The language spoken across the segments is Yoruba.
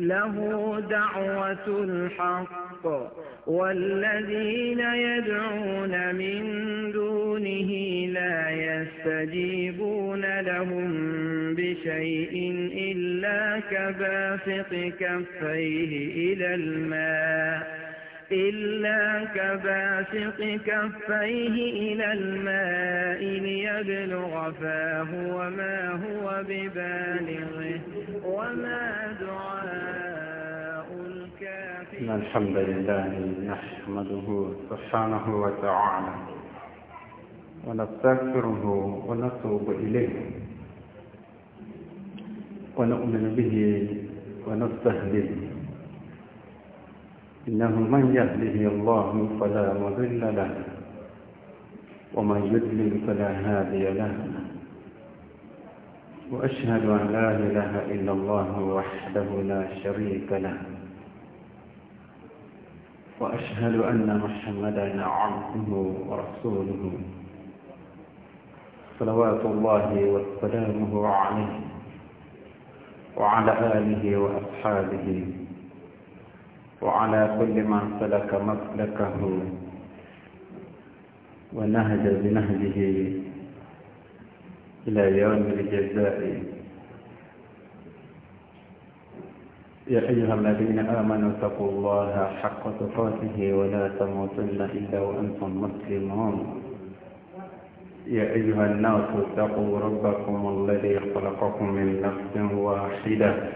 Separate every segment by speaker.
Speaker 1: له دعوة الحق والذين يدعون من دونه لا يستجيبون لهم بشيء إلا كباسط كفيه إلى الماء إلا كباسق كفيه إلى الماء ليبلغ فاه وما هو ببالغه وما دعاء الكافرين الحمد لله نحمده سبحانه وتعالى ونستغفره ونتوب إليه ونؤمن به ونستهديه إنه من يهده الله فلا مضل له ومن يضلل فلا هادي له وأشهد أن لا إله إلا الله وحده لا شريك له وأشهد أن محمدا عبده ورسوله صلوات الله وسلامه عليه وعلى آله وأصحابه وعلى كل من سلك مسلكه ونهج بنهجه إلى يوم الجزاء يا أيها الذين آمنوا اتقوا الله حق تقاته ولا تموتن إلا وأنتم مسلمون يا أيها الناس اتقوا ربكم الذي خلقكم من نفس واحدة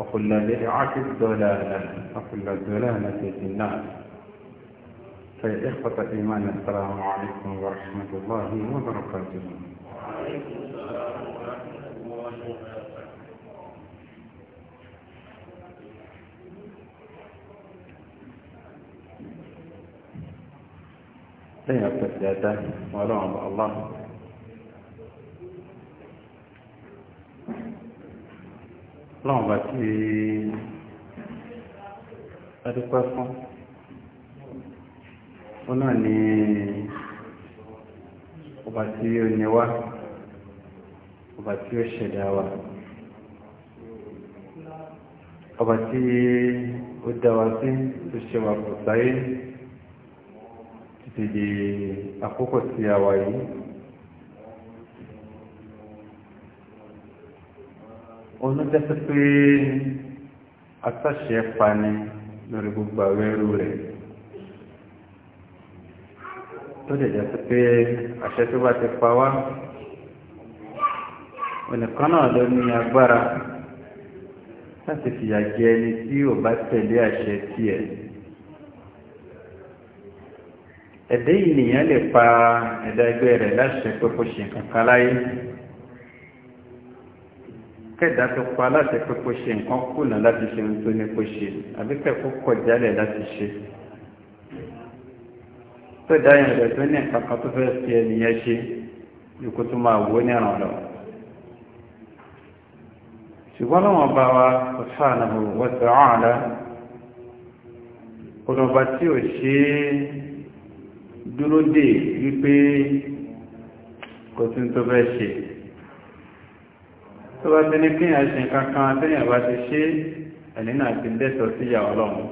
Speaker 1: وكل بدعة الدلاله وكل دلاله في النار فيا إخوة الإيمان السلام عليكم ورحمة الله وبركاته وعليكم السلام ورحمة الله وبركاته لن يبتدأ الله láwọn bá tí adúpẹ́ fún ó náà ni ọba tí ó ní wá ọba tí ó ṣẹ̀dá wa ọba tí ó dá wa sí tó ṣe wà kò sáyé títí di àkókò tí a wà yìí olójẹ́sí pé àtàṣe ẹ̀pa ni lórí gbogbo àwọn ẹrú rẹ̀ tó lè jẹ́ sí pé àṣẹ tó bá ti pa wá onìkan náà ló ní agbára láti fìyà jẹ ẹni tí ò bá tẹ̀lé àṣẹ tiẹ̀ ẹ̀dẹ́ ènìyàn lè pa ẹ̀dá ẹgbẹ́ rẹ̀ láṣẹ pé kó ṣe kankan láyé kẹ́ẹ̀dá tó pa láti pé kó ṣe nǹkan kùnà láti ṣe ohun tó ní kó ṣe àbí kẹ́ẹ̀kó kọ̀ jálẹ̀ láti ṣe tó dáyẹ̀ rẹ̀ tó ní nǹkan kan tó fẹ́ fi ẹnìyẹn ṣe ikú tó máa wó ní ẹ̀ràn ṣùgbọ́n lọ́wọ́n bá wa subhanahu wa ta'ala ọlọ́ba tí ò ṣe dúró dè wípé kò tún tó fẹ́ ṣe tó bá ti ní kí èèyàn ṣe nǹkan kan téèyàn bá ti ṣe ẹni náà ti lẹ́tọ̀ọ́ sí ìyà ọlọ́run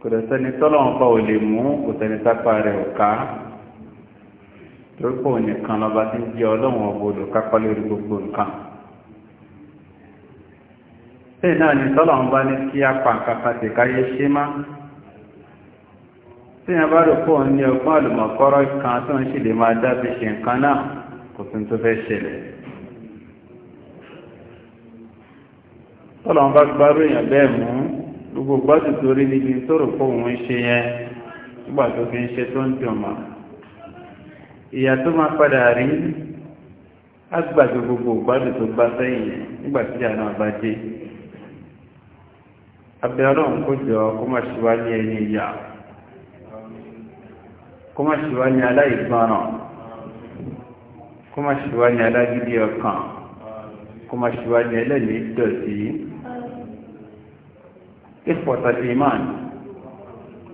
Speaker 1: kò dẹ̀ sẹ́ni tọ́lọ́run bá ò lè mú kò sẹ́ni sápá rẹ̀ ò ká torípò nìkan lọ́ba ti ń jẹ́ ọlọ́run ọ̀bọ̀ olùkápá lórí gbogbo nǹkan bẹ́ẹ̀ náà ni tọ́lọ́run bá ní kí á pa nǹkan kan tì káyé ṣe má tí a bá rò pọ̀ ní ọgbọ́n àlùmọ̀kọ́rọ́ kan tó ń ṣì lè máa dábì ṣe nǹkan náà kò tún fẹ́ ṣẹlẹ̀ tọ́lọ̀ wọn bá gbárò èèyàn bẹ́ẹ̀ mú gbogbo gbọ́dù torí níbi tóró fóun ń ṣe yẹn nígbà tó fi ń ṣe tó ń dùn mọ́ ìyà tó máa padà rí agbàdo gbogbo gbádùn tó bá sẹ́yìn yẹn nígbà tí àná bá dé abẹ́ ọlọ́run kó jọ kó má ṣe wá ní ẹni ìyá kó má ṣe wá ní aláìgbọràn kó má ṣe wá ní alágídí ọkàn kó má ṣe wá ní ẹlẹ́mìí dọ̀tí ìfọ̀tà ìmáàn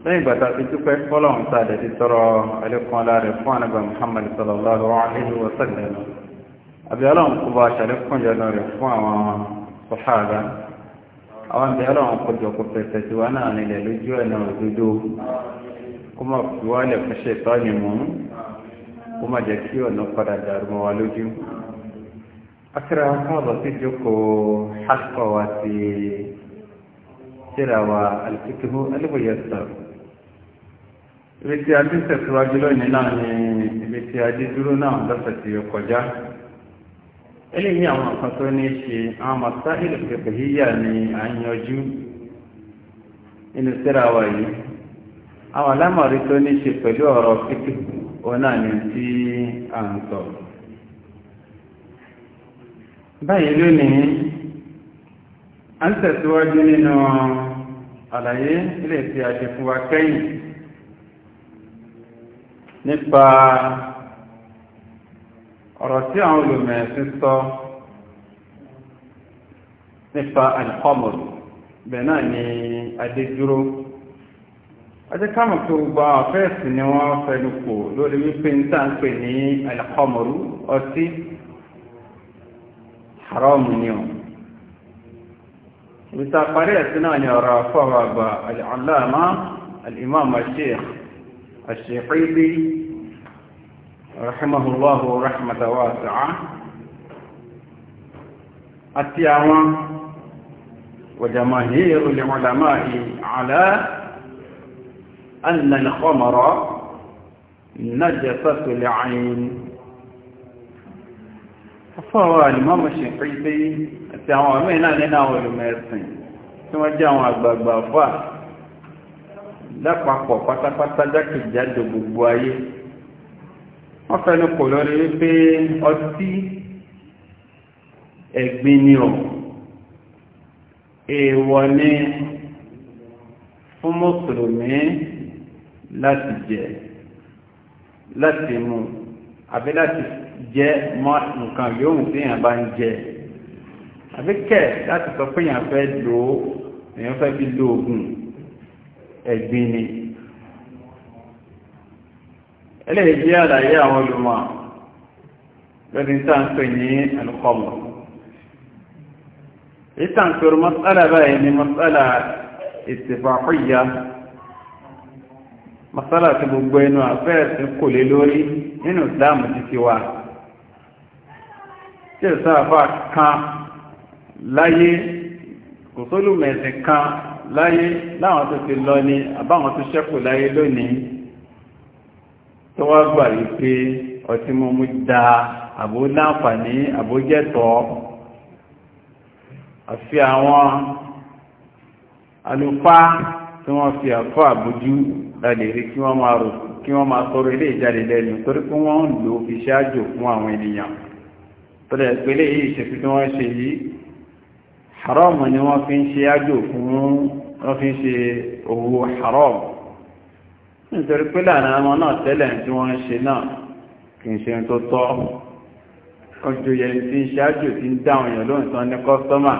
Speaker 1: lẹ́yìn ìgbàta ti túpẹ́ fọ́lọ́hun sáàdà ti tọrọ alẹ́kùn aláàrẹ fún ànàbà Muhammad sallallahu alaihi wa sallam àbí ọlọ́run kó bá aṣàlẹ́kùn jẹ́nà rẹ̀ fún àwọn sọ̀háàdá àwọn àbí ọlọ́run kó jọ kó fẹ̀sẹ̀ tí wà náà nílẹ̀ lójú ẹ̀nà òdodo jẹ́ kí ọ̀nà padà sí jókòó hálùkọ̀ ti tíra wa alìkìtìmú alìbòyẹ̀sọ̀ ibi tí a ti tẹ̀síwájú lónìí náà ni ibi tí a dídúró náà lọ́sẹ̀ tí ó kọjá eléyìí àwọn kan tó ní ṣe àwọn màtá ìlú pẹ̀pẹ̀híyà ni à ń yanjú inú tíra wa yìí àwọn alámọ̀rí tó ní ṣe pẹ̀lú ọ̀rọ̀ pípé òun náà ni tí à ń sọ báyìí lónìí a ń tẹ̀síwájú nínú àlàyé ilé tí a ṣe fún wa kẹ́yìn nípa ọ̀rọ̀ tí àwọn olùmẹ̀ẹ̀sìn sọ nípa alhamud bẹ̀ náà ni adédúró ajẹ́ káàmù tó gba ọ̀fẹ́ẹ̀sì ni wọ́n fẹ́nu kò lórí wípé ń tàn pè ní alhamud ọtí haramu ni ọ̀ متاقرية سناني رافض العلامة الإمام الشيخ الشيخيبي رحمه الله رحمة واسعة التياوى وجماهير العلماء على أن الخمر نجسة العين fún àwọn àlùmọ́mù ṣìnkí pé àti àwọn ọmọ iná nínú àwọn olùmẹ̀ẹ̀sìn tí wọ́n jẹ́ àwọn àgbààgbà fà lápapọ̀ pátápátá jákèjádò gbogbo ayé wọ́n fẹ́nu kò lórí wípé ọtí ẹ̀gbin ni ọ̀ èèwọ̀ ni fún mùsùlùmí láti jẹ láti mu àbí láti jẹ́ mọ́ nǹkan yóò tí èèyàn bá ń jẹ àbí kẹ̀ láti sọ pé èèyàn fẹ́ lò ó èèyàn fẹ́ bí lo oògùn ẹ̀gbin ni eléyìí jẹ́ àlàyé àwọn olùmọ̀ lórí sáǹpé ní alukọ́mọ̀ ìtàǹpé orí mọ́sálà báyìí ni mọ́sálà ìtìfàkúyà mọ́sálà tí gbogbo ẹnu àfẹ́ ẹ̀sìn kò lé lórí nínú ìsìláàmù títí wa tí ẹ̀sá àfà kan láyé kò sólùmẹ̀sìn kan láyé láwọn tó ti lọ ní àbáwọn tó ṣẹ́kù láyé lónìí tó wá gbà rí pé ọtí mímu da àbó láǹfààní àbójẹ́tọ̀ àfi àwọn àlùfáà tí wọ́n fi àfọ́ àbójú lálẹ́ rí kí wọ́n máa sọ̀rọ̀ ilé ìjáde lẹ́nu torí pé wọ́n lò fi ṣáájò fún àwọn ènìyàn tọ́lẹ̀ ìpínlẹ̀ yìí ṣe fi tí wọ́n ṣe yìí haram ni wọ́n fi ń ṣe ájò fún wọ́n fi ń ṣe owó haram nítorí pé láàrin ọmọ náà tẹ́lẹ̀ tí wọ́n ń ṣe náà kì í ṣe ń tó tọ́
Speaker 2: ọjọ́ yẹn tí ń ṣe ájò tí ń dáhùn yẹn
Speaker 1: lóhùn ní kọ́sọ́mà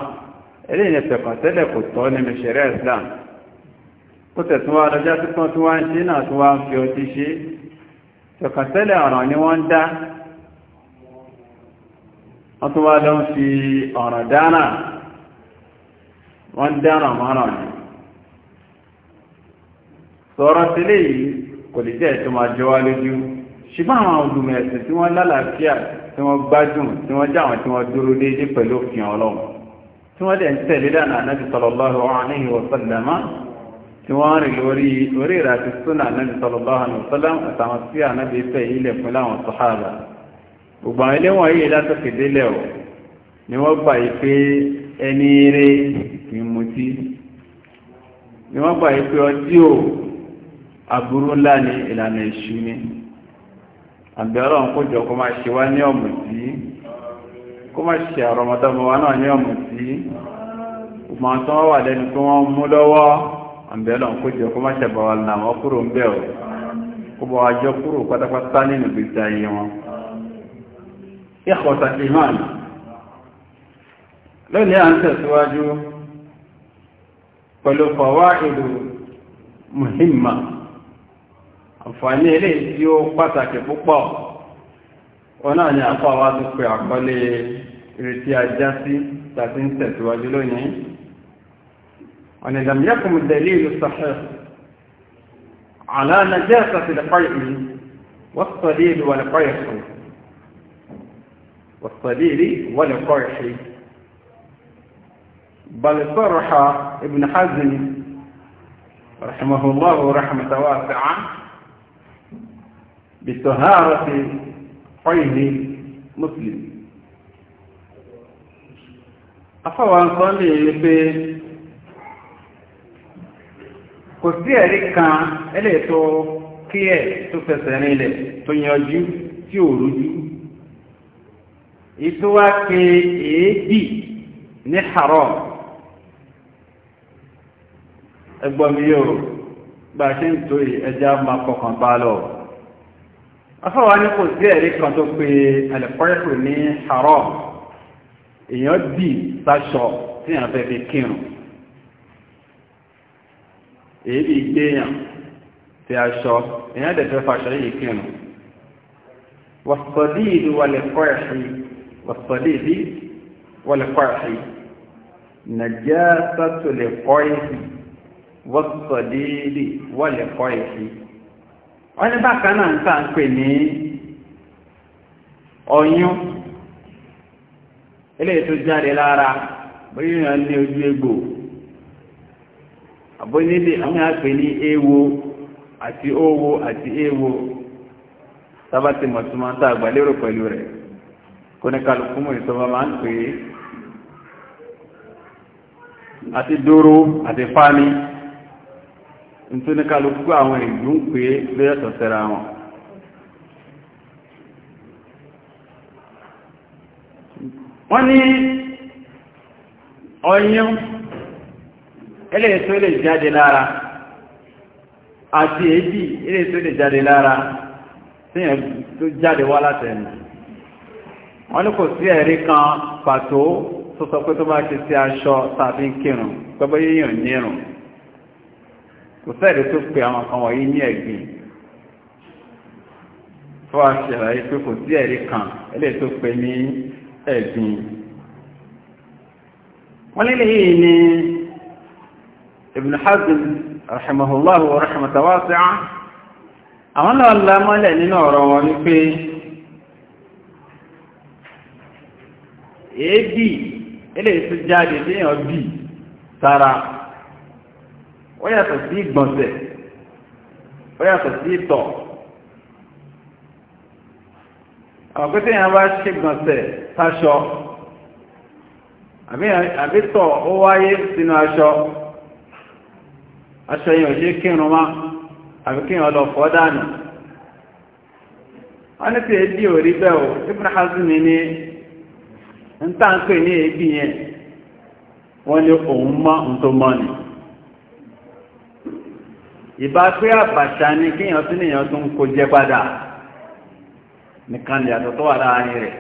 Speaker 1: Islam ó tẹ̀tún wá lọ́jọ́ tí wọ́n ti wá ń ni wọ́n wọ́n tó wá lọ ń fi ọ̀rọ̀ dáná wọ́n dáná mọ́nà ni sọ̀rọ̀ sílé yìí kò lè jẹ́ ìtumọ̀ àjọ wa lójú ṣùgbọ́n àwọn olùmọ̀ ẹ̀sìn tí wọ́n lálàáfíà tí wọ́n gbádùn tí wọ́n já tí wọ́n dúró déédéé pẹ̀lú òfin ọlọ́run tí wọ́n dẹ̀ ń tẹ̀lé gbogbo àwọn ẹlẹ́wọ̀n yìí látòkè délẹ̀ ọ̀ ni wọ́n gbà yí pé ẹni eré kì í mutí ni wọ́n gbà yí pé ọtí ò aburú ńlá ni ìlànà ìṣú ni àbí ọlọ́run kó jọ kó máa ṣe wá ní ọ̀mùtí kó máa ṣe àrọ̀mọdọ́mọ wa náà ní ọ̀mùtí gbogbo àwọn tó wọ́n wà lẹ́nu tó wọ́n mú lọ́wọ́ àbí ọlọ́run kó jọ kó máa ṣẹ̀bọ̀ wà làwọn kúrò ń bẹ̀ ọ́ kó bọ̀ wá jọ kúrò pátápátá nínú ìgbésí ayé wọn ìkọ̀ta ìmáàlì lónìí à ń tẹ̀síwájú pẹ̀lú fawaidu muhimma àǹfààní ilé tí ó pàtàkì púpọ̀ wọn náà ni àpá wa tó pè àkọlé ìrètí ajá sí tàbí ń tẹ̀síwájú lónìí ọ̀nà ìdàmìyàkùn dalilu sahih ala والصبيل والقرح بل صرح ابن حزم رحمه الله رحمة واسعة بطهارة عين مسلم afọwọ́ ń sọ lè rí pé kò sí ẹ̀rí kan ẹlẹ́ẹ̀tọ́ kí ẹ̀ tó fẹsẹ̀ rinlẹ̀ tó yanjú tí ò rújú ìtúwá ke èébì ní haram ẹgbọ́n mi yóò gbà ṣe ń tó ẹja ma kọkàn bá lọ afọ́wà ní kò sí ẹ̀rí kan tó pé alẹ́kọ́rẹ́kù ní haram èèyàn dì sáṣọ tí a fẹ́ fi kírun èébì gbéyàn tí a ṣọ èèyàn dẹ̀ fẹ́ fàṣọ yìí kírun wàsọ̀dí ìlú wà والصليب والقرح نجاسة القرح والصليب والقرح wọ́n ní bákan náà ń tàn pè ní ọyún ilé tó jáde lára bóyá ní ojú egbò àbónílé àwọn àpè ní ewo àti owó àti ewo sábà ti mọ̀túnmọ́ tá àgbà lérò pẹ̀lú rẹ̀ kóníkàlùkù mú ìtọ́ba máa ń pè é àti dóró àti fámi ntóníkàlùkù àwọn ìlú ń pè é lóyọ̀tọ̀ sẹ́ra wọn. wọ́n ní ọyún eléyìí tó lè jáde lára àti èébì eléyìí lè jáde lára tí yẹn tó jáde wá látẹnu wọ́n ní kò sí ẹ̀rí kan pàtó tó sọ pé tó bá ṣe sí aṣọ tàbí kírun gbogbo yíyàn nírun kò sẹ́ẹ̀rí tó pe àwọn kan wọ̀nyí ní ẹ̀gbìn fún aṣèlàyé pé kò sí ẹ̀rí kan eléyìí tó pe ní ẹ̀gbìn wọ́n nílé yìí ni Ibn Hazm rahimahullahu rahmatawasi'a àwọn náà lámọ́lẹ̀ nínú ọ̀rọ̀ wọn wípé èébì eléyìí tó jáde léèyàn bì ó yàtọ̀ sí ìgbọ̀nsẹ̀ ó yàtọ̀ sí ìtọ̀ àwọn pé bá ṣe gbọ̀nsẹ̀ sáṣọ àbí ó wáyé sínú aṣọ aṣọ yẹn ò ṣe kírun àbí kírun lọ fọ́ wọ́n ní tí èébì ò rí bẹ́ẹ̀ o Ibn ń tà ń pè ní èébì yẹn wọ́n ní òun mọ́ ń tó mọ́ ni ìbá pé àbàṣà ni nìyàn tó ń kó jẹ padà nìkan lè àtọ̀ tó wà láàrin rẹ̀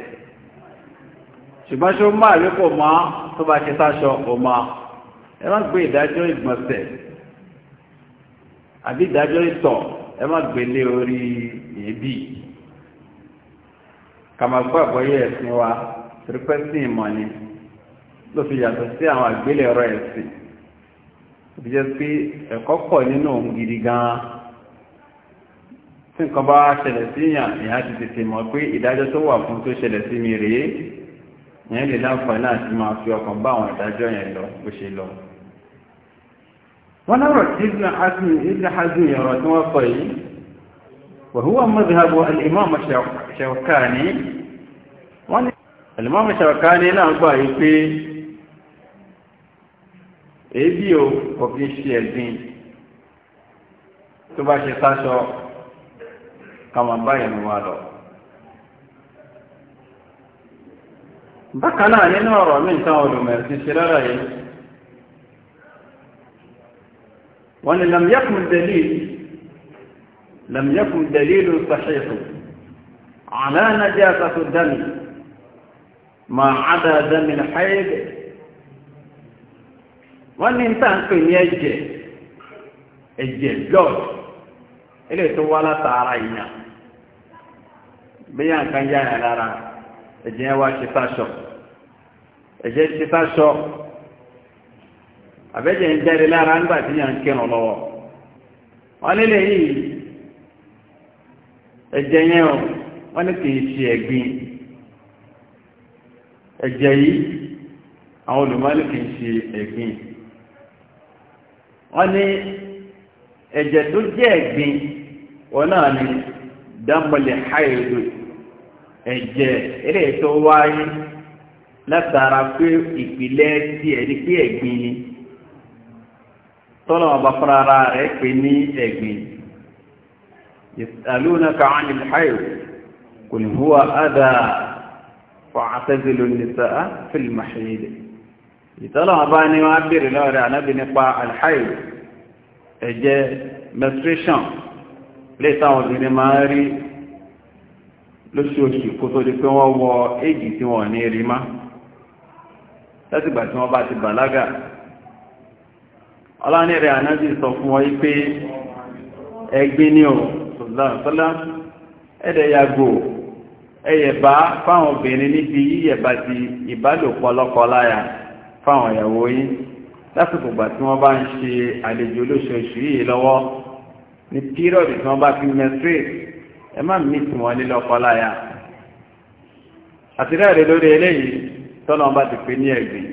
Speaker 1: ṣùgbọ́n ṣe ó máa rí kò máa tó bá ṣe sáṣọ kò máa ẹ má ìdájọ́ wa tìrìpẹ́sì ìmọ̀ ni ló fi yàtọ̀ sí àwọn àgbélé ọ̀rọ̀ ẹ̀sìn ó fi jẹ́ pé ẹ̀kọ́ pọ̀ nínú òun gidi gan-an tí nǹkan bá ṣẹlẹ̀ sí yàn ìyá ti tètè mọ̀ pé ìdájọ́ tó wà fún tó ṣẹlẹ̀ sí mi rèé ìyẹn lè láǹfààní náà ti máa fi ọkàn bá àwọn ìdájọ́ yẹn lọ bó ṣe lọ. wọ́n lọ́rọ̀ tí ibùdó hasan ibùdó hasan ọ̀rọ̀ tí wọ́n sọ yìí wàhúwà mọ́tò Al-Imam Shawkani náà gbà yí pé èébì o òfin ṣe ẹ̀gbìn tó bá ṣe sáṣọ kàmà báyìí ni wà lọ. bákan náà nínú ọ̀rọ̀ mi nǹkan olùmẹ̀sí ṣe rárá yìí wọ́n ni lamyakun dalil lamyakun dalil sahihu ala najasatu dami ma àdáadáa mi láyébẹ̀ wọ́n ní tàǹpẹ̀ ní ẹ̀jẹ̀ ẹ̀jẹ̀ blood ilé tó wá látara ìyàn bíyà nǹkan yá yàn lára ẹ̀jẹ̀ yẹn wá ṣe fáṣọ ẹ̀jẹ̀ ṣe fáṣọ àbẹ́jẹ̀ ń jáde lára nígbà tí yàn ń kírun lọ́wọ́ wọ́n nílé yìí ẹ̀jẹ̀ yẹn wọ́n ní kì í ṣe ẹ̀gbin ẹ̀jẹ̀ yìí àwọn olùmọ́lì kì í ṣe ẹ̀gbìn wọ́n ní ẹ̀jẹ̀ tó jẹ́ ẹ̀gbìn wọn náà ni dámọ̀lẹ̀ háìlú ẹ̀jẹ̀ eré tó wáyé látara pé ìpìlẹ̀ tí ẹ̀rí pé ẹ̀gbìn ni tọ́lọ̀ ọba fúnra rẹ̀ pé ní ẹ̀gbìn ìsàlùnà kàánì háìlú kò ní hùwà ádàá fa'atazilu nisaa fil mahid ìtọ́lọ̀ ọba ni wọ́n á bèèrè lọ́rẹ̀ ànábì nípa alhaid ẹ̀jẹ̀ menstruation lè táwọn obìnrin máa ń rí lóṣooṣù kó tó di pé wọ́n wọ éjì tí wọ́n ní rí má látìgbà tí wọ́n bá ti bàlágà ọlọ́ni ànábì sọ fún wọn pé ẹgbẹ́ ní ọ̀ sọ̀lá ẹ̀dẹ̀ yàgò ẹ̀yẹ̀bá fáwọn obìnrin níbi yíyẹ̀bá ti ìbálòpọ̀ lọ́kọláya fáwọn ìyàwó yín lásìkò gbà tí wọ́n bá ń ṣe àlejò olóṣooṣù yìí lọ́wọ́ ní pírọ̀dì tí wọ́n bá fi menstruate ẹ má mí tí wọ́n lé lọ́kọláya àtìrẹ́rẹ́ lórí eléyìí tọ́lọ́ bá ti pè ní ẹ̀gbìn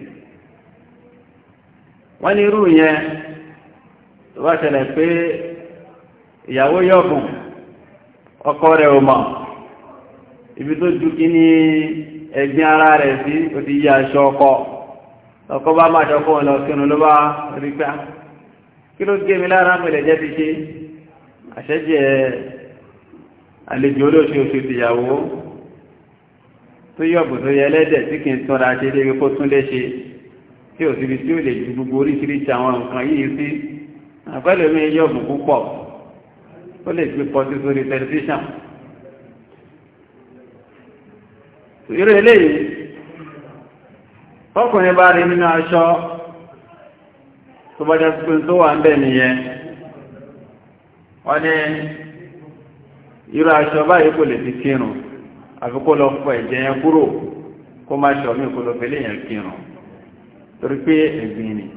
Speaker 1: wọ́n ní irú yẹn tó bá ṣẹlẹ̀ pé ìyàwó yọ̀bùn ọkọ rẹ̀ ò mọ̀ ibi tó ju kí ní ẹ̀gbin ara rẹ̀ sí ó ti yí aṣọ ọkọ ọkọ bá máa ṣọkọ lọ sínú ló bá rí pé ah, kí ló gé mi lára pẹ̀lẹ̀ jẹ́ ti ṣe àṣẹ́jẹ́ àlejò olóṣooṣù tìyàwó tó yọ̀bù tó yẹ lẹ́dẹ̀ tí kì í tọ́ra ṣe lébi kó tún léṣe tí ò síbi tí ó lè ju gbogbo oríṣiríṣi àwọn nǹkan yìí sí àpẹẹlẹ mi yọ̀bù púpọ̀ ó lè fi pọ̀ sí sórí tẹlifíṣàn irú eléyìí ọkùnrin bá rí nínú aṣọ tó bá jẹ́ pín tó wà ń bẹ̀ nìyẹn wọ́n ní irú aṣọ báyìí kò lè fi kírun àfi kó lọ fọ ẹ̀jẹ̀ yẹn kúrò kó má ṣọ mí kó lọ ni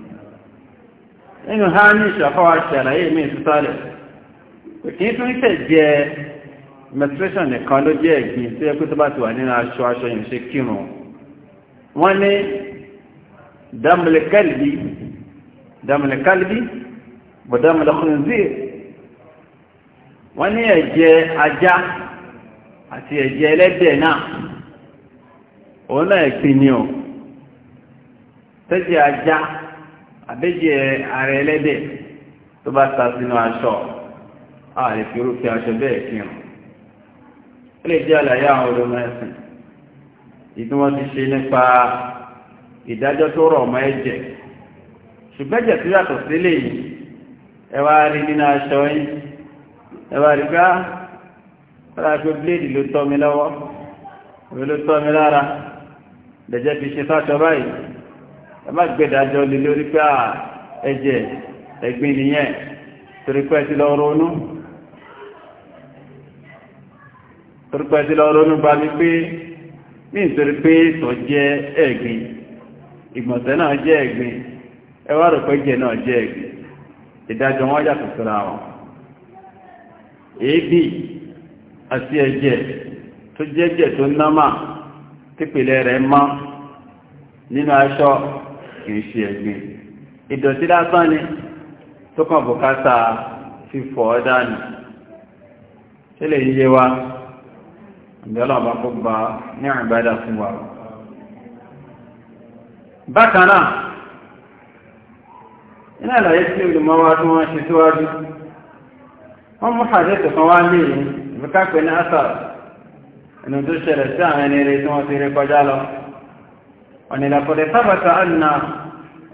Speaker 1: nínú ha ní ìṣàfáwà ṣàlàyé mi ìtútàlẹ̀ kò kí tún tẹ̀ jẹ́ menstruation nìkan ló jẹ́ ẹ̀gbin tí ẹ pé tó bá ti wà nínú aṣọ aṣọ yìí ṣe kírun wọ́n ní dámìlẹ̀kálìbí dámìlẹ̀kálìbí bọ̀ dámìlẹ̀kùnzí wọ́n ní ẹ̀jẹ̀ ajá àti ẹ̀jẹ̀ ẹlẹ́dẹ̀ náà òun náà ẹ̀gbin ni o tẹ́jẹ̀ ajá àbẹ́jẹ̀ ara ẹlẹ́dẹ̀ tó bá ta sínú aṣọ àà irúfẹ́ aṣọ bẹ́ẹ̀ kírun lè jẹ́ àlàyé àwọn olùmọ̀ ẹ̀sìn ìdí wọ́n ti ṣe nípa ìdájọ́ tó rọ̀ ọmọ ẹ̀jẹ̀ ṣùgbọ́n ẹ̀jẹ̀ tó yàtọ̀ sílé yìí ẹ wá rí nínú aṣọ yín ẹ wá rí ká ọ̀rọ̀ àti bíléèdì ló tọ́ mi lọ́wọ́ òwe ló tọ́ mi lára lẹ́jẹ̀ fi ṣe fàṣọ báyìí ẹ má gbẹ̀dájọ́ lé lórí pé ah, ẹ̀jẹ̀ ẹ̀gbin nìyẹn torí pé ẹ ti lọ ronú. torípé ẹtí lọ́rọ́ ní bá mi pé mí nítorí pé ìtọ̀ jẹ́ egbe ìgbọ̀nsẹ̀ náà jẹ́ ẹ̀gbin ẹwà rò jẹ́ náà jẹ́ ẹ̀gbin ìdájọ́ wọn yàtọ̀ síra wọn èébì àti ẹ̀jẹ̀ tó jẹ́jẹ̀ tó námà típìlẹ̀ rẹ̀ mọ́ nínú aṣọ kìí ṣe ẹ̀gbin ìdọ̀tí lásán ni tó kàn bùkátà fífọ̀ ọ́ dání wa. ìjọlọ́ ọba kó gba ní àìbádà fún wa bákan náà iná ìlàyé tí olùmọ́wá tí wọ́n ṣe síwájú wọ́n mú àdẹ́tò kan wá lè ìbíkápẹ́ ní àṣà ẹnu tó ṣẹlẹ̀ sí àwọn ẹni rẹ̀ tí wọ́n ti rí kọjá lọ وأن لقد ثبت أن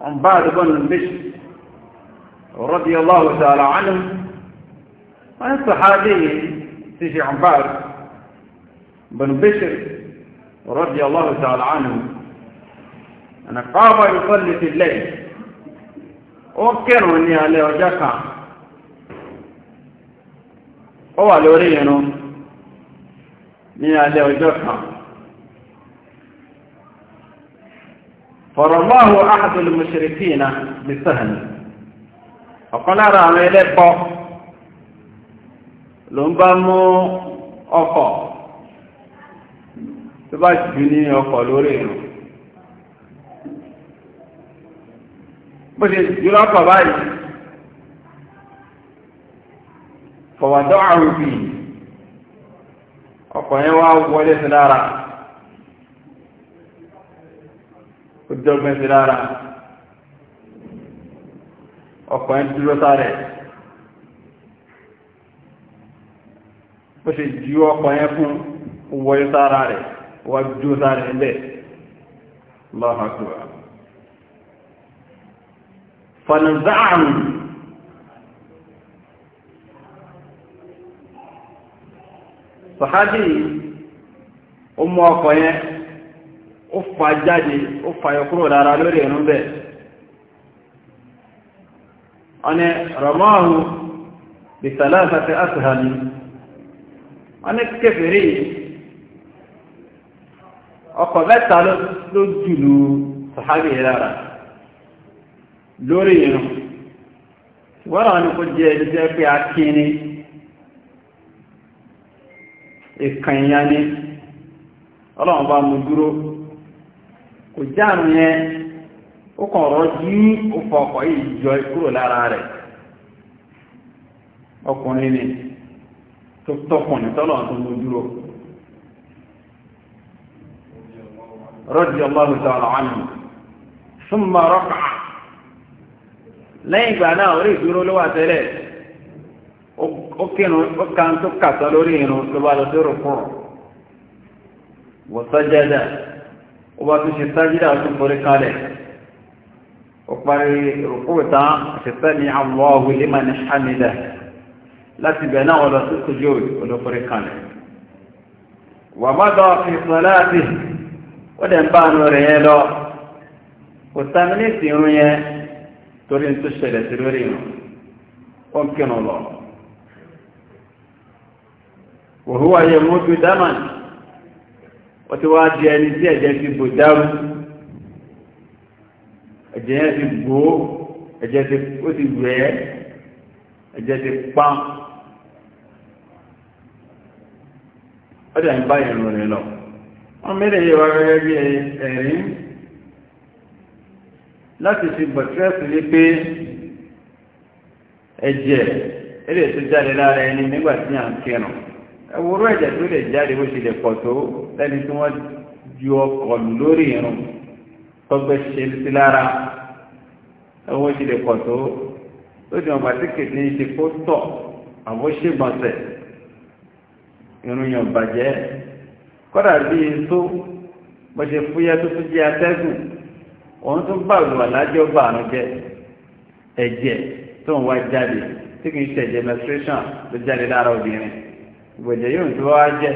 Speaker 1: عباد بن بشر رضي الله تعالى عنه وأن الصحابي تجي عباد بن بشر رضي الله تعالى عنه أنا قام يصلي في الليل وكانوا أني عليه وجاكا هو على ورينه ní alẹ́ ọjọ́ kan fọ̀rọ̀lọ́hù áhàtùlù mùsùlùmí bí sáhàní ọ̀kan lára àwọn ẹlẹ́pọ̀ ló ń bá mú ọkọ̀ tó bá jù ní ọkọ̀ lórí ìrùn bó ṣe jù lọ́kọ̀ báyìí fọ̀wàdọ́ àrùn bí ọkọ̀ yẹn wá wọlé sí lára ó dọ́gbẹ́ sí lára ọkọ̀ yẹn dúró sáré bó ṣe jù ọkọ̀ yẹn fún wọlé sára rẹ̀ wọ́n jó sáré ń bẹ̀ lọ́ha kúrò fanazáàmù sọ̀hádì ó mú ọkọ̀ yẹn ó fà jáde ó fàyọ kúrò lára lórí ẹ̀rú bẹ̀ ọ̀nà rọ̀mọ́ọ̀hún bí sàlásàtẹ́ àtìhàní ọ̀nà kẹfẹ̀rẹ́ yìí ọkọ̀ mẹ́ta ló jùlù sàhábì lára lórí ìrùn wọ́n rán ní kó jẹ́ ẹjẹ́ pé a kí ní ìkànyà ní ọlọ́run bá mú dúró kò yẹn ó kàn rọ́ jí ọkọ̀ yìí jọ kúrò lára rẹ̀ ọkùnrin ni tó tọkùnrin tọ́lọ́run tó mú dúró رضي الله تعالى عنه ثم ركع لين بنا أريد يقولوا له أتلت أكنوا أكان تكا سلورينوا لبالة ركوع وسجد وباتش سجد أتم بركاله وقبل ركوعتا سمع الله لمن حمده لا تبنى ولا تسجد ولا بركاله ومضى في صلاته ó dẹ̀ ń bá àánú rẹ̀ yẹn lọ kò sàmìlẹ́sì irun yẹn torí ń tó ṣẹlẹ̀ sí lórí ìrùn ó ń kírun lọ òhúwà yẹ mú ju dámàn ó ti wá di ẹni tí ẹ̀jẹ̀ ti bò dárú ẹ̀jẹ̀ yẹn ti gbó ẹ̀jẹ̀ ti ó ti wẹ̀ ẹ́ ẹ̀jẹ̀ ti pam ó dẹ̀ ń bá ìrùn rẹ̀ lọ wọ́n mẹ́rẹ̀ yẹ wá gẹ́gẹ́ bí ẹ̀rí láti fi bọ̀tírẹ́sì rí pé ẹ̀jẹ̀ eré tó jáde lára ẹni nígbà tí à ń kírun ẹwúrú ẹ̀jẹ̀ tó lè jáde bó ṣe lè pọ̀ tó lẹ́ni tí wọ́n ju ọkọ̀ lórí irun tọ́gbẹ́ ṣe sí lára ẹwọ́n ṣe lè pọ̀ tó ó di ọgbà tí kìí ṣe kó tọ̀ àbó ṣègbọ̀nsẹ̀ irun yàn bàjẹ́ kọ́dà bí èso bọ́ṣe fúyẹ́ tó tún jẹ́ atẹ́gùn òun tún bá olùwàlájọ́ bá àánú jẹ́ ẹ̀jẹ̀ tó ń wá jáde tí kì í ṣẹ̀jẹ̀ menstruation ló jáde lára obìnrin ìgbẹ̀jẹ̀ yóò tó wá jẹ́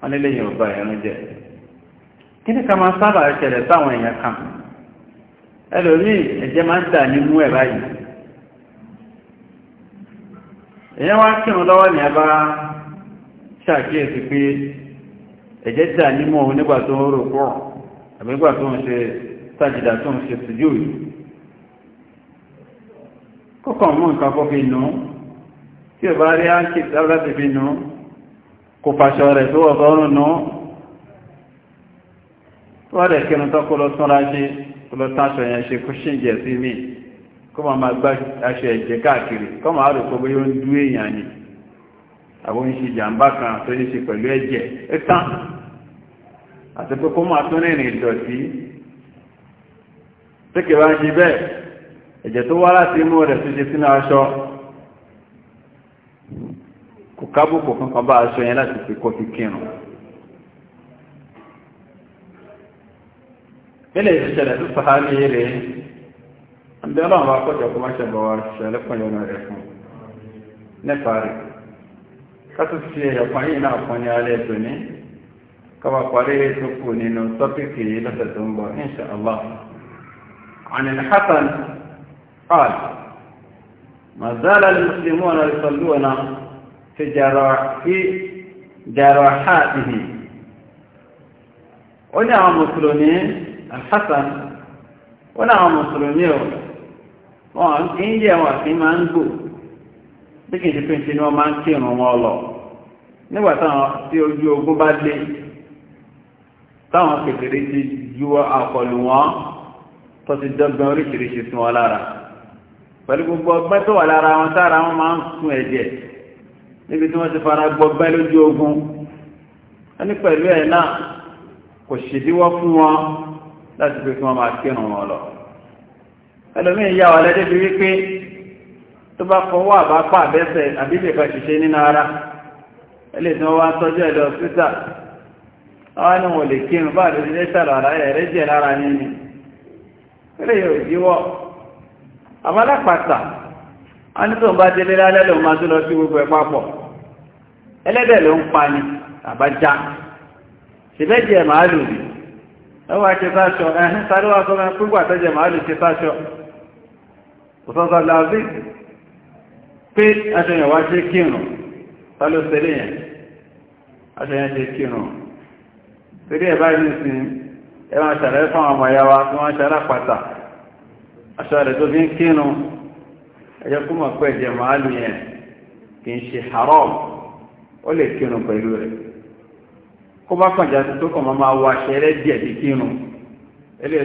Speaker 1: wọn nílé yìí ò bá jẹ́ kí ni ká máa sábà ṣẹlẹ̀ sáwọn èèyàn kan ẹlòmíì ẹ̀jẹ̀ máa ń dà ẹ̀ báyìí èèyàn wá kírun lọ́wọ́ ní ṣàkíyèsí pé ẹ̀jẹ̀ dà nímọ̀ òun nígbà tó ń rò pọ̀ àbígbà tó ń ṣe sájìdá tó ń ṣe tìjú yìí kọ́kọ́ mọ́ nǹkan kọ́ fi nù tí ò bá rí áńkìtì láti fi kò fàṣọ rẹ̀ tó wọ̀ sọ́rùn nù tó rẹ̀ kírun tó mi kó máa máa gbá aṣọ ẹ̀jẹ̀ káàkiri kó máa rò ó ń dú èèyàn ni. àwọn oníṣe jàǹbá kan tó ní ṣe pẹ̀lú ẹ̀jẹ̀ ẹ̀tàn àti pé kó máa tún rìnrìn ìdọ̀tí tẹ́kẹ̀ bá ń ṣe bẹ́ẹ̀ ẹ̀jẹ̀ tó wá láti inú rẹ̀ tó ṣe sínú aṣọ kò kábùkù kankan bá aṣọ yẹn láti fi kó fi kírun ilẹ̀ kátó fi ẹ̀yọ̀kan yìí náà fún ní alẹ́ tó ní kọwa parí tó kù nínú tọ́pìkì yìí lọ́sẹ̀ tó ń bọ̀ insha Allah عن الحسن قال ما زال المسلمون يصلون في جراحاته ونعم مسلمين الحسن ونعم مسلمين وعن إنجا وعن إيمان بوك bí kìí ṣe pé ṣe ni wọ́n máa ń kírun wọn lọ nígbà táwọn tí ojú ogun bá dé táwọn kékeré ti ju àkọlù wọn tó ti dọ́gbọ́n oríṣiríṣi sí wọn lára pẹ̀lú gbogbo ọgbẹ́ tó wà lára wọn sára wọn máa ń sun ẹ̀jẹ̀ níbi tí wọ́n ti fara gbọgbẹ́ lójú ogun wọ́n ní pẹ̀lú ẹ̀ náà kò ṣèdíwọ́ fún wọn láti pé kí wọ́n máa kírun wọn lọ ẹlòmíín yà wà lẹ́dẹ́bí wípé tó bá fọwọ́ àbápá àbẹ́sẹ̀ àbíbẹ̀kà ṣiṣẹ́ nínú ara ẹlẹ́ tí wọ́n wá tọ́jú ẹ̀lọ sísà wọ́n ní wọ́n lè kírun bá ara ẹ̀rẹ́ jẹ́ lára nínú ẹlẹ́ yóò jíwọ́ àbálápàtà wọ́n ní tó ń bá délé lálẹ́ lòun máa tó lọ sí gbogbo ẹ̀ papọ̀ ẹlẹ́dẹ̀ ló ń pa ni àbájá ṣèbẹ́jẹ̀ màálù ẹwà sáṣọ ẹ̀hìn sáré sọ́nà àtẹ́jẹ̀ màálù sáṣọ pé a wá ṣe kírùn tàbí ṣẹlẹ̀ yẹn aṣẹ́yàn ṣe kírùn torí ẹ̀bá ìrìnsìn ẹwọ́n ṣàrẹ́ fún àwọn ọmọ yàwá tí pàtà aṣọ́rẹ̀ tó fi ń kírùn ẹjọ́ kú mọ̀ pé ẹ̀jẹ̀ màálù yẹn kì í ṣe haram ó lè kírùn pẹ̀lú rẹ̀ kó bá kànjá tó kàn máa rẹ̀ díẹ̀ bí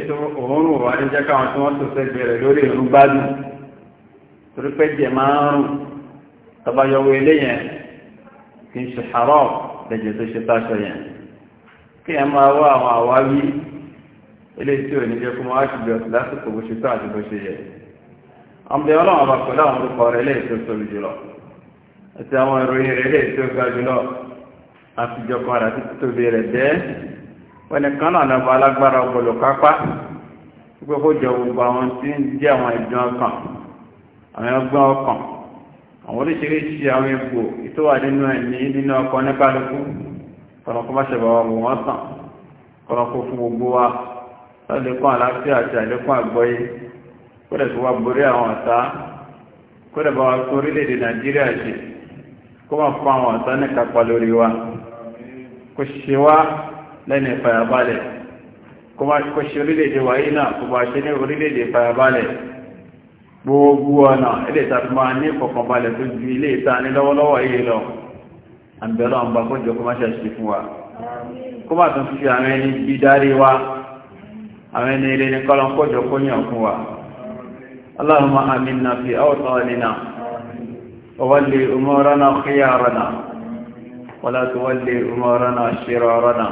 Speaker 1: tó òórùn wà jẹ́ torí pé jẹ máa ń rùn tọba yọwọ ilé yẹn kì í ṣe àárọ̀ lẹ́jẹ̀ tó ṣe táṣọ yẹn kí ẹ máa wá àwọn àwáwí eléyìí tí ò ní jẹ́ kó máa ṣùgbẹ́ ọ̀sẹ̀ lásìkò bó ṣe tó àti bó ṣe yẹ ọmọdé ọlọ́run ọba pẹ̀lú àwọn orúkọ rẹ̀ lẹ́yìn tó tóbi jùlọ àti àwọn ìròyìn rẹ̀ lẹ́yìn tó ga jùlọ àfijọkan rẹ̀ àti títóbi rẹ̀ jẹ́ wọn ni kan náà lọ́ba alágbára ọgbọ̀lọ̀ kápá gbogbo jọ gbogbo àwọn tí ń jẹ́ àwọn ìjọ kan àwọn ọgbọ́n ọkàn àwọn oríṣiríṣi àwọn egbò tó wà nínú ẹ̀mí nínú ọkọ̀ nípàlùkù kọ̀rọ̀kọ́ bá ṣẹ̀bà wà wọ́n tàn kọ̀rọ̀kọ́ fún gbogbo wa lọ́lẹ́kọ́ àlàáfíà àti àlékún àgbọ́yé kódẹ̀ tó wá borí àwọn ọ̀tá kódẹ̀ bá wá tó orílẹ̀-èdè nàìjíríà ṣe kó wọ́n fún àwọn ọ̀tá ní kápá lórí wa kó ṣe wá lẹ́nu ìfàyàbalẹ̀ kó ṣe orílẹ̀-èdè wáyé náà kó bá ṣe ní orílẹ̀-èdè ìfàyàbalẹ̀ gbogbo ọ̀nà ilé ìtàkùn máa ní kọ̀kan balẹ̀ tó ju ilé ìta ní lọ́wọ́lọ́wọ́ yìí lọ àbẹ̀lọ́ ọ̀nà kó jọ kó má ṣe ṣe fún wa kó má tún fi àwọn ẹni bí dárí wa àwọn ẹni ilé ní kọ́lọ́n kó jọ kó yàn fún wa Allahumma aminna fi awtanina wa walli umurana khiyarana wa la tuwalli umurana shirarana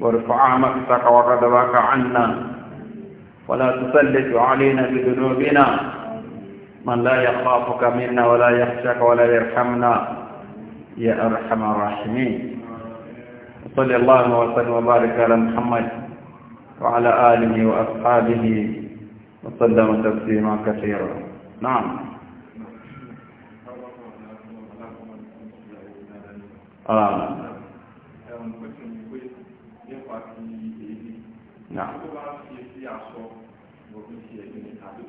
Speaker 1: warfa' maqtaka wa ghadabaka 'anna ولا تسلط علينا بذنوبنا من لا يخافك منا ولا يخشاك ولا يرحمنا يا أرحم الراحمين صلى الله وسلم وبارك على محمد وعلى آله وأصحابه وسلم تسليما كثيرا نعم آه. نعم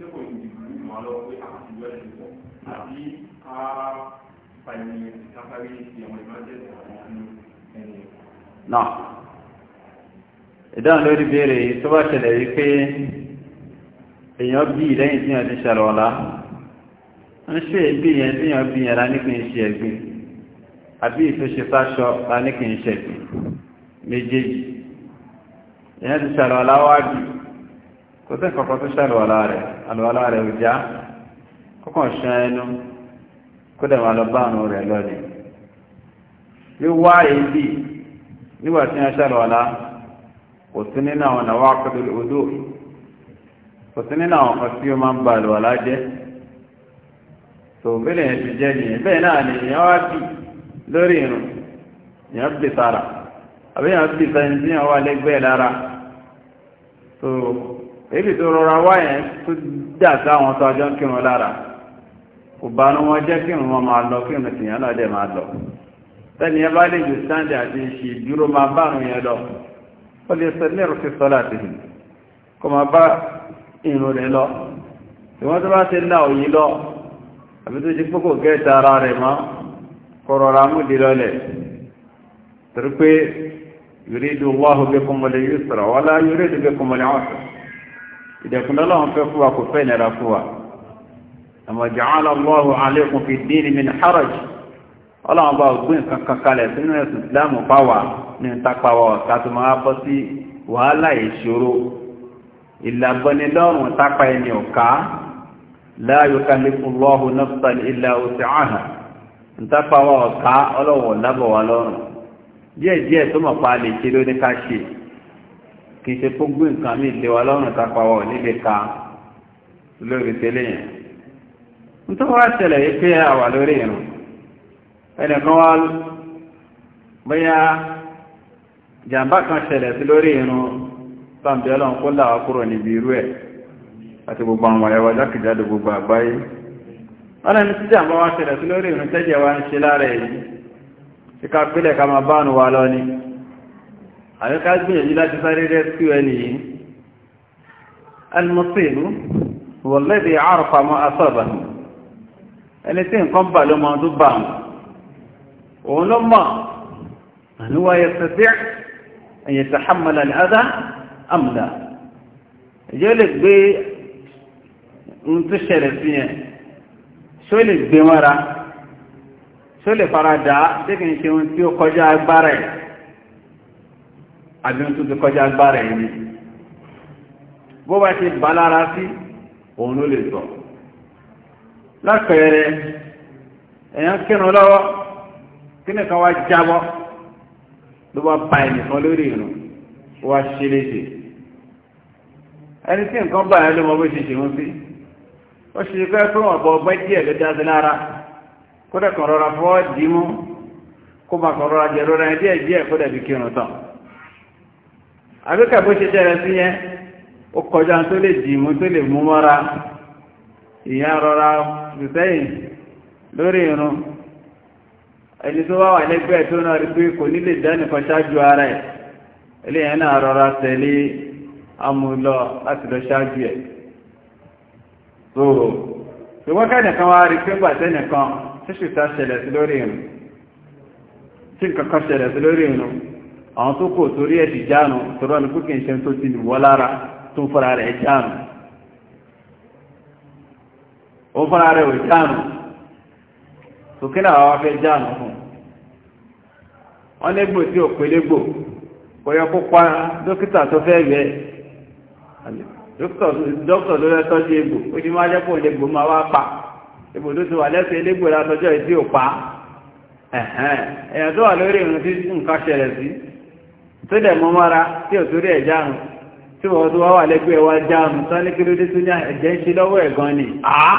Speaker 1: tí kò ní ìlú mọ́ lọ pé àti ìlú ẹ̀sìn pọ̀ a ká pàyẹ kápárí ti àwọn ìmájẹ̀sì àwọn ẹni. náà ìdáhùn lórí béèrè tó bá ṣẹlẹ̀ yìí pé èèyàn bí lẹ́yìn tí wọ́n ti ṣàlọ́lá ń ṣe bí yẹn tí wọ́n bí yẹn lá ní kí n ṣe ẹ̀gbìn àbí ìtòṣe fáṣọ lá ní kí n ṣẹ̀gbìn méjèèjì èèyàn ti ṣàlọ́lá wá bíi kò sí nǹkan kan tó ṣe àlùwàlá rẹ̀ àlùwàlá rẹ̀ ò já kọ́kàn ṣan ẹnu kó dẹ̀ máa lọ bá àrùn rẹ̀ lọ́dẹ̀ wíwá èyí nígbà tí wọ́n ṣe àlùwàlá kò sí nínú àwọn nàwọ́ àkọsílẹ̀ odò kò sí nínú àwọn kan tí ó máa ń ba àlùwàlá jẹ́ tó bẹ́ẹ̀ yẹn ti jẹ́ nìyẹn bẹ́ẹ̀ náà ni èèyàn wá bì lórí irun èèyàn bì sára àbí bì sáyẹn tí èèyàn wà lẹ́gbẹ̀ẹ́ lára èyí tó rọra wáyẹ̀ tó dà sáwọn tó ajọ́ ń kírun lára kò bá ní wọ́n jẹ́ kírun wọn máa lọ kírun tìyàn náà dẹ̀ máa lọ tẹ́ni ẹ bá lè jù sáńdẹ̀ àti ìṣì dúró máa bá àrùn yẹn lọ ó lè sọ ní ìrùsí sọ́lá àti ìhìn kò máa bá ìrùn rẹ̀ lọ ìwọ́n tó bá ti ná òyìn lọ àbí tó ti kókò gẹ́ẹ̀ta ara rẹ̀ mọ́ kò rọra mú di lọlẹ̀ torí pé yuridu Allahu bikumul yusra wala yuridu bikumul usra ìdẹ̀kùnlọ́lọ́wọ́n fẹ́ fún wa kò fẹ́ nira fún wa àmọ́ ja'ala Allahu alaykum fi dini min haraj ọlọ́wọ́n bá gbìn kankan kalẹ̀ sínú ẹ̀sùn ìsìlámù páwà ní ìtapáwà ọ̀tá tó máa bọ́ sí wàhálà ìṣòro ìlàbọnilọ́rùn tápa la yukallifu Allahu nafsan illa wus'aha ìtapáwà ọ̀ká ọlọ́wọ́ lábọ̀ wà lọ́rùn díẹ̀díẹ̀ tó mọ̀ pa lè ṣe lóníká ṣe kì í ṣe tó gbé nǹkan mí lé wa lọ́rùn kápáwọ̀ nílé ka lórí tẹ́lẹ̀ yẹn nítorí wá ṣẹlẹ̀ yìí pé àwà lórí ìrùn ẹnìkan wá bóyá jàǹbá kan ṣẹlẹ̀ sí lórí ìrùn sáǹbì ọlọ́run kó làwà kúrò níbi irú ẹ̀ àti gbogbo àwọn ẹwà jákèjádò gbogbo àgbáyé wọ́n lẹ́nu jàǹbá wá ṣẹlẹ̀ sí lórí ìrùn tẹ́jẹ̀ wá ń ṣe lára èyí ṣe ká pílẹ̀ ká máa bá wa lọ ni àyíká gbìyànjú láti sáré rẹ̀ sí ẹni yìí almọ́sílù wọ̀lẹ́dì àrùfàmọ́ asọ́bà ẹni tí nǹkan bà ló máa tó bà wọn òun ló mọ̀ àníwá yẹ tẹ̀sí ẹ̀yẹ tàhámàlà ní gbé ohun tó fara dà tí kì ṣe ohun tí ó kọjá agbára ẹ̀ àbí tó ti kọjá agbára ẹni bó bá ṣe bá lára sí òun ló lè sọ lápẹẹrẹ èèyàn kírun lọ́wọ́ kí nìkan wá jábọ́ ló bá ba ẹnìkan lórí ìrùn wá ṣe léṣe ẹni tí nǹkan bá ẹ ló mọ bó ṣe ṣe wọn sí ó ṣe pé pé wọn ọgbẹ́ díẹ̀ ló dáa lára kó dẹ̀ rọra fọ́ dìímú kó máa kàn rọra jẹ rọra ẹ díẹ̀ díẹ̀ kó dẹ̀ fi kírun tán àbíkà bó ṣe ṣẹlẹ̀ sí yẹn ó kọjá tó lè dìmú tó lè mú mọ́ra ìyá rọra sẹ́yìn lórí irun ẹni tó wá wà lẹ́gbẹ̀ẹ́ tó náà rí pé kò ní lè dá nìkan ṣáájú ara ẹ̀ eléyẹn náà rọra tẹ̀lé amúlọ láti lọ ṣáájú ẹ̀ so ṣùgbọ́n kẹ́nìkan wá rí pé gbàtẹ́ nìkan ṣíṣùta ṣẹlẹ̀ ṣẹlẹ̀ sí lórí irun àwọn tó kò torí ẹ̀ ti jánu torí wọn ṣe tó ti wọ́ lára tó fara rẹ̀ jánu ó fara rẹ̀ ò jánu tó kí náà wá fẹ́ jánu fún tí ò pé légbò kò dókítà tó fẹ́ rẹ̀ dókítà ló tọ́jú egbò ó ti máa máa wá pa egbò tó ti wà lẹ́sẹ̀ látọjọ́ ò pa ẹ̀hẹ́n èèyàn tó wà lórí ìrìn tí nǹkan ṣẹlẹ̀ tó dẹ̀ mọ́ tí ò torí ẹ̀ tí wọ́n tó wá wà wá járun tán ní kílódé tó ní ẹ̀jẹ̀ ń lọ́wọ́ ni àá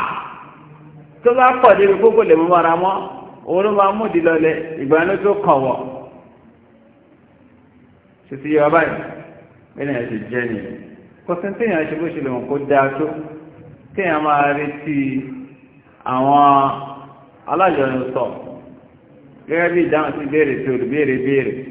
Speaker 1: tó bá pọ̀ débi gbogbo lè mọ́ mọ́ra mọ́ òun ló máa lọlẹ̀ tó kàn títí yọ báyìí ti jẹ́ ni ṣe bó ṣe lè kó dáa tó máa retí àwọn sọ gẹ́gẹ́ bí ìdáhùn sí béèrè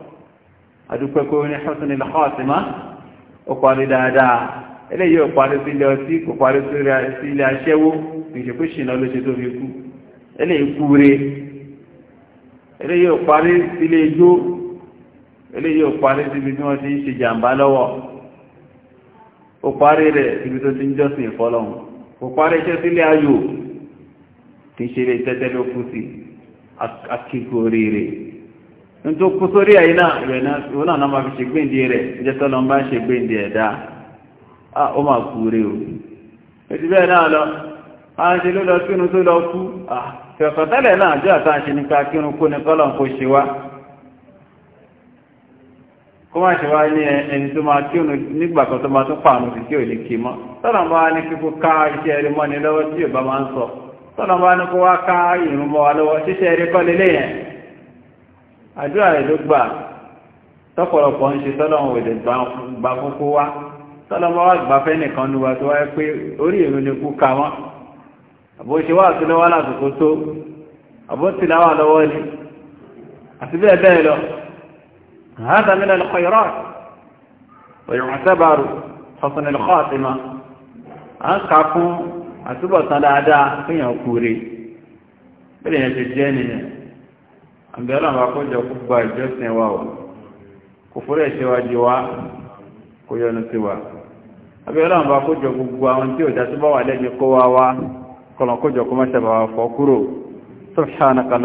Speaker 1: adúpẹ́kọ́ ní ṣọ́tún ilẹ̀ ọ̀sìmá ó parí dáadáa eléyìí ó parí sí ilẹ̀ ọtí kò parí sí ilẹ̀ aṣẹ́wó ìṣèkú ṣìnà ló ṣe tó fi kú eléyìí kú re eléyìí ó parí sí ilé ijó eléyìí ó parí síbi tí wọ́n ti ń ṣe jàǹbá lọ́wọ́ ó parí rẹ̀ síbi tó ti ń jọ́sìn ìfọlọ́hun ó parí iṣẹ́ sílé ayò kì í ṣe ilé tẹ́tẹ́ ló kú sí akéko rere tó kú sórí ẹ̀yìn náà rẹ̀ náà òun náà máa fi ṣe gbéǹde rẹ̀ jẹ́ tọ́lọ ń bá ṣe gbéǹde ẹ̀dá à ah, ó máa kú rẹ̀ o ètí bẹ́ẹ̀ náà lọ a ń ṣe ló lọ sínú tó lọ kú ah, fẹ̀fẹ̀tẹ́lẹ̀ náà jẹ́ àtà ṣe nípa kírun kó ní kọ́lọ̀ kó ṣe wá kó má ṣe wá ní ẹni tó máa kírun nígbà kan tó máa tún pàánù sí tí ò ní kí mọ́ tọ́lọ̀ bá ní kíkó ká iṣẹ́ rí mọ́ni lọ́wọ́ tí ò bá máa ń sọ tọ́lọ̀ bá ní kó wá ká ìrùn mọ́ wa lọ́wọ́ ṣíṣẹ́ rí kọ́ lélẹ́yìn àdúrà rẹ̀ ló gbà tọ́pọ̀lọpọ̀ ń ṣe tọ́lọ́wọ̀n òdè gbà kókó wá tọ́lọ́wọ́ wá gbà fẹ́ nìkan ní wa tó wáyé pé orí èrò kú ka wọ́n àbó ṣe wá àti lọ́wọ́ tó àbó ti láwà lọ́wọ́ àbẹ̀rẹ̀ àwọn akọ́jọ kó gba ìjọsìn wa ọ̀ kò fúrẹ̀ ṣe wa jẹ wá kò yọnu sí wa àbẹ̀rẹ̀ àwọn akọ́jọ gbogbo àwọn tí òjá tó bá wà lẹ́ni kó wá wá kọlọ̀kọ́jọ kó mọ́ṣẹ́ bá fọ́ kúrò subhanaka